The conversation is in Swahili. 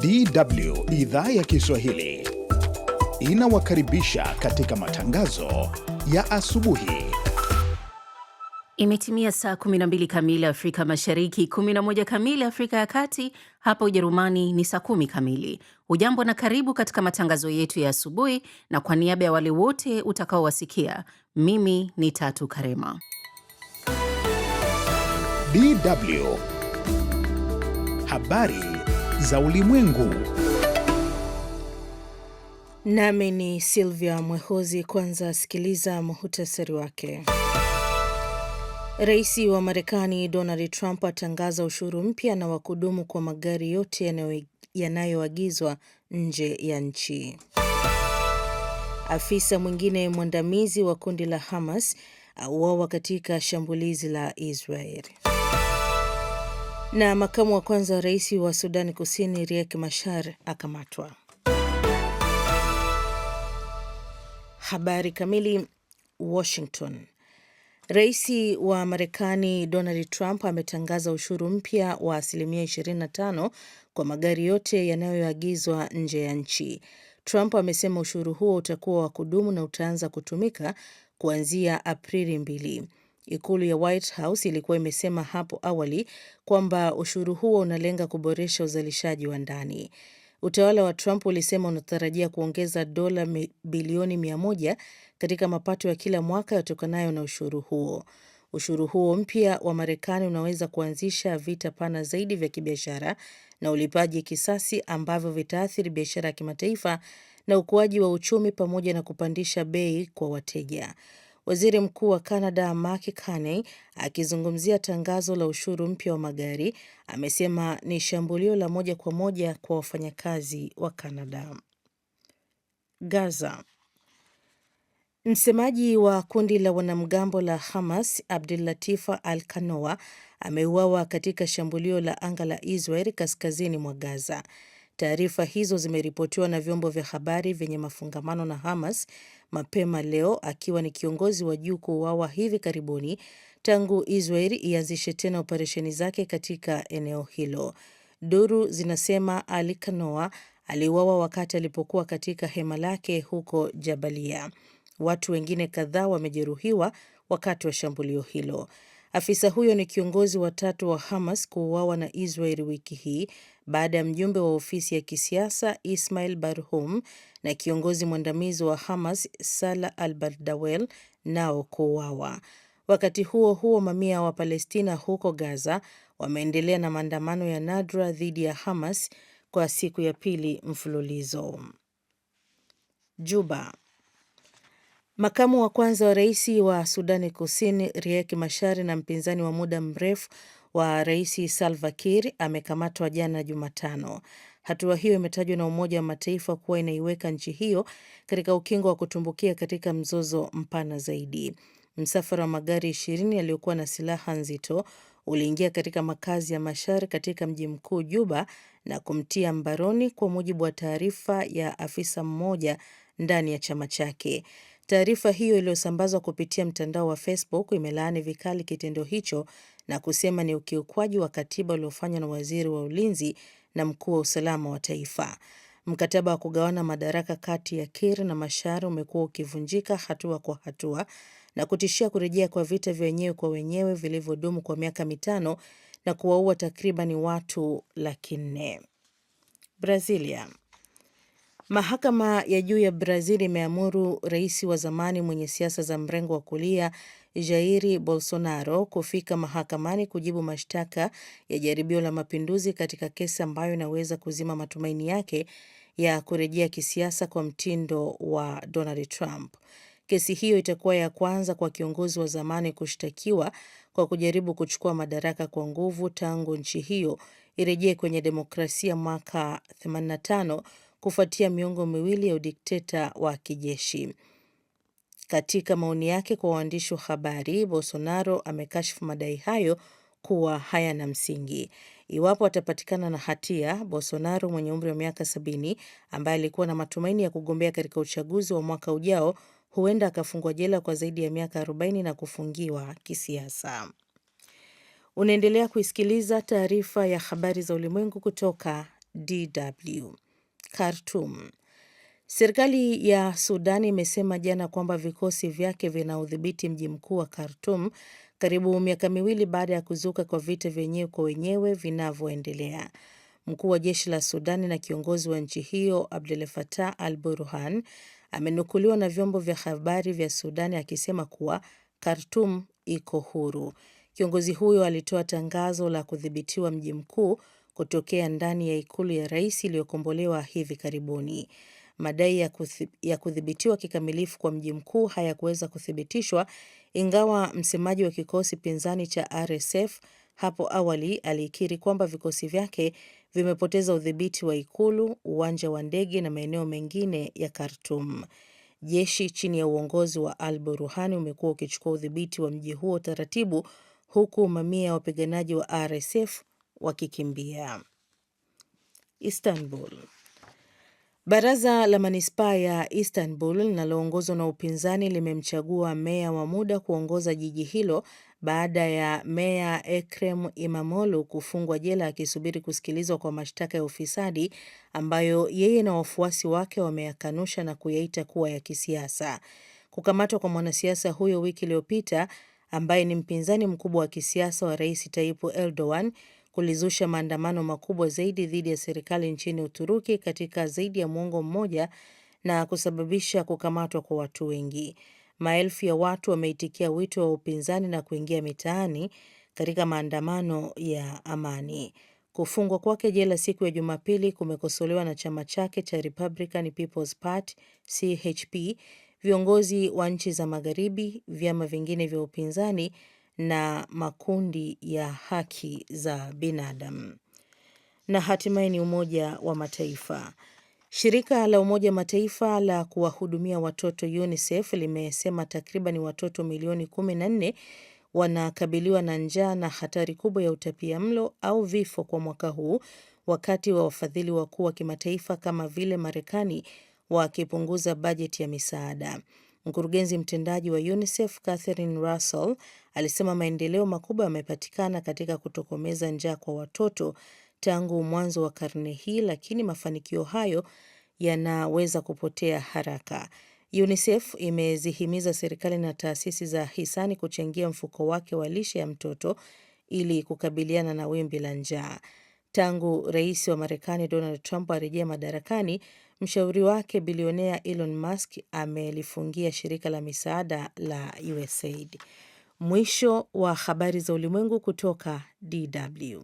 DW idhaa ya Kiswahili inawakaribisha katika matangazo ya asubuhi. Imetimia saa 12 kamili Afrika Mashariki, 11 kamili Afrika ya Kati, hapa Ujerumani ni saa 10 kamili. Hujambo na karibu katika matangazo yetu ya asubuhi, na kwa niaba ya wale wote utakaowasikia, mimi ni Tatu Karema. DW habari za ulimwengu. Nami ni Silvia Mwehozi. Kwanza sikiliza muhutasari wake. Rais wa Marekani Donald Trump atangaza ushuru mpya na wa kudumu kwa magari yote yanayoagizwa nje ya nchi. Afisa mwingine mwandamizi wa kundi la Hamas auawa katika shambulizi la Israel. Na makamu wa kwanza wa rais wa Sudani Kusini Riek Machar akamatwa. Habari kamili. Washington. Rais wa Marekani Donald Trump ametangaza ushuru mpya wa asilimia 25 kwa magari yote yanayoagizwa nje ya nchi. Trump amesema ushuru huo utakuwa wa kudumu na utaanza kutumika kuanzia Aprili mbili. Ikulu ya White House ilikuwa imesema hapo awali kwamba ushuru huo unalenga kuboresha uzalishaji wa ndani. Utawala wa Trump ulisema unatarajia kuongeza dola bilioni moja katika mapato ya kila mwaka yatokanayo na ushuru huo. Ushuru huo mpya wa Marekani unaweza kuanzisha vita pana zaidi vya kibiashara na ulipaji kisasi ambavyo vitaathiri biashara ya kimataifa na ukuaji wa uchumi pamoja na kupandisha bei kwa wateja. Waziri Mkuu wa Canada Mark Carney akizungumzia tangazo la ushuru mpya wa magari amesema ni shambulio la moja kwa moja kwa wafanyakazi wa Canada. Gaza. Msemaji wa kundi la wanamgambo la Hamas Abdulatifa Al Kanoa ameuawa katika shambulio la anga la Israel kaskazini mwa Gaza. Taarifa hizo zimeripotiwa na vyombo vya habari vyenye mafungamano na Hamas mapema leo, akiwa ni kiongozi wa juu kuuawa hivi karibuni tangu Israel ianzishe tena operesheni zake katika eneo hilo. Duru zinasema Ali Kanoa aliuawa wakati alipokuwa katika hema lake huko Jabalia. Watu wengine kadhaa wamejeruhiwa wakati wa shambulio hilo. Afisa huyo ni kiongozi wa tatu wa Hamas kuuawa na Israel wiki hii baada ya mjumbe wa ofisi ya kisiasa Ismail Barhum na kiongozi mwandamizi wa Hamas Salah al-Bardawel nao kuuawa. Wakati huo huo, mamia wa palestina huko Gaza wameendelea na maandamano ya nadra dhidi ya Hamas kwa siku ya pili mfululizo. Juba Makamu wa kwanza wa rais wa Sudani Kusini Riek Machar na mpinzani wa muda mrefu wa rais Salva Kiir amekamatwa jana Jumatano. Hatua hiyo imetajwa na Umoja wa Mataifa kuwa inaiweka nchi hiyo katika ukingo wa kutumbukia katika mzozo mpana zaidi. Msafara wa magari ishirini yaliyokuwa na silaha nzito uliingia katika makazi ya Machar katika mji mkuu Juba na kumtia mbaroni, kwa mujibu wa taarifa ya afisa mmoja ndani ya chama chake. Taarifa hiyo iliyosambazwa kupitia mtandao wa Facebook imelaani vikali kitendo hicho na kusema ni ukiukwaji wa katiba uliofanywa na waziri wa ulinzi na mkuu wa usalama wa taifa. Mkataba wa kugawana madaraka kati ya Kiir na Machar umekuwa ukivunjika hatua kwa hatua na kutishia kurejea kwa vita vya wenyewe kwa wenyewe vilivyodumu kwa miaka mitano na kuwaua takriban watu laki nne. Brazilia Mahakama ya juu ya Brazil imeamuru rais wa zamani mwenye siasa za mrengo wa kulia jairi Bolsonaro kufika mahakamani kujibu mashtaka ya jaribio la mapinduzi katika kesi ambayo inaweza kuzima matumaini yake ya kurejea kisiasa kwa mtindo wa Donald Trump. Kesi hiyo itakuwa ya kwanza kwa kiongozi wa zamani kushtakiwa kwa kujaribu kuchukua madaraka kwa nguvu tangu nchi hiyo irejee kwenye demokrasia mwaka 85 kufuatia miongo miwili ya udikteta wa kijeshi. Katika maoni yake kwa waandishi wa habari, Bolsonaro amekashifu madai hayo kuwa hayana msingi. Iwapo atapatikana na hatia, Bolsonaro mwenye umri wa miaka sabini ambaye alikuwa na matumaini ya kugombea katika uchaguzi wa mwaka ujao huenda akafungwa jela kwa zaidi ya miaka 40 na kufungiwa kisiasa. Unaendelea kuisikiliza taarifa ya habari za ulimwengu kutoka DW. Khartoum. Serikali ya Sudan imesema jana kwamba vikosi vyake vinaudhibiti mji mkuu wa Khartoum karibu miaka miwili baada ya kuzuka kwa vita vyenyewe kwa wenyewe vinavyoendelea. Mkuu wa jeshi la Sudani na kiongozi wa nchi hiyo abdul fatah al Burhan amenukuliwa na vyombo vya habari vya Sudani akisema kuwa Khartoum iko huru. Kiongozi huyo alitoa tangazo la kudhibitiwa mji mkuu kutokea ndani ya ikulu ya rais iliyokombolewa hivi karibuni. Madai ya kudhibitiwa kikamilifu kwa mji mkuu hayakuweza kuthibitishwa, ingawa msemaji wa kikosi pinzani cha RSF hapo awali alikiri kwamba vikosi vyake vimepoteza udhibiti wa ikulu, uwanja wa ndege na maeneo mengine ya Khartoum. Jeshi chini ya uongozi wa Al Buruhani umekuwa ukichukua udhibiti wa mji huo taratibu, huku mamia ya wapiganaji wa RSF wakikimbia. Istanbul. Baraza la manispaa ya Istanbul linaloongozwa na upinzani limemchagua meya wa muda kuongoza jiji hilo baada ya meya Ekrem Imamoglu kufungwa jela akisubiri kusikilizwa kwa mashtaka ya ufisadi ambayo yeye na wafuasi wake wameyakanusha na kuyaita kuwa ya kisiasa. Kukamatwa kwa mwanasiasa huyo wiki iliyopita ambaye ni mpinzani mkubwa wa kisiasa wa Rais Tayyip Erdogan kulizusha maandamano makubwa zaidi dhidi ya serikali nchini Uturuki katika zaidi ya muongo mmoja na kusababisha kukamatwa kwa watu wengi. Maelfu ya watu wameitikia wito wa upinzani na kuingia mitaani katika maandamano ya amani. Kufungwa kwake jela siku ya Jumapili kumekosolewa na chama chake cha Republican People's Party CHP, viongozi wa nchi za Magharibi, vyama vingine vya upinzani na makundi ya haki za binadamu. Na hatimaye ni Umoja wa Mataifa. Shirika la Umoja wa Mataifa la kuwahudumia watoto UNICEF limesema takriban watoto milioni kumi nne wanakabiliwa na njaa na hatari kubwa ya utapia mlo au vifo kwa mwaka huu, wakati wa wafadhili wakuu wa kimataifa kama vile Marekani wakipunguza bajeti ya misaada. Mkurugenzi mtendaji wa UNICEF Catherine Russell alisema maendeleo makubwa yamepatikana katika kutokomeza njaa kwa watoto tangu mwanzo wa karne hii, lakini mafanikio hayo yanaweza kupotea haraka. UNICEF imezihimiza serikali na taasisi za hisani kuchangia mfuko wake wa lishe ya mtoto ili kukabiliana na wimbi la njaa. Tangu rais wa Marekani Donald Trump arejea madarakani, mshauri wake bilionea Elon Musk amelifungia shirika la misaada la USAID. Mwisho wa habari za ulimwengu kutoka DW.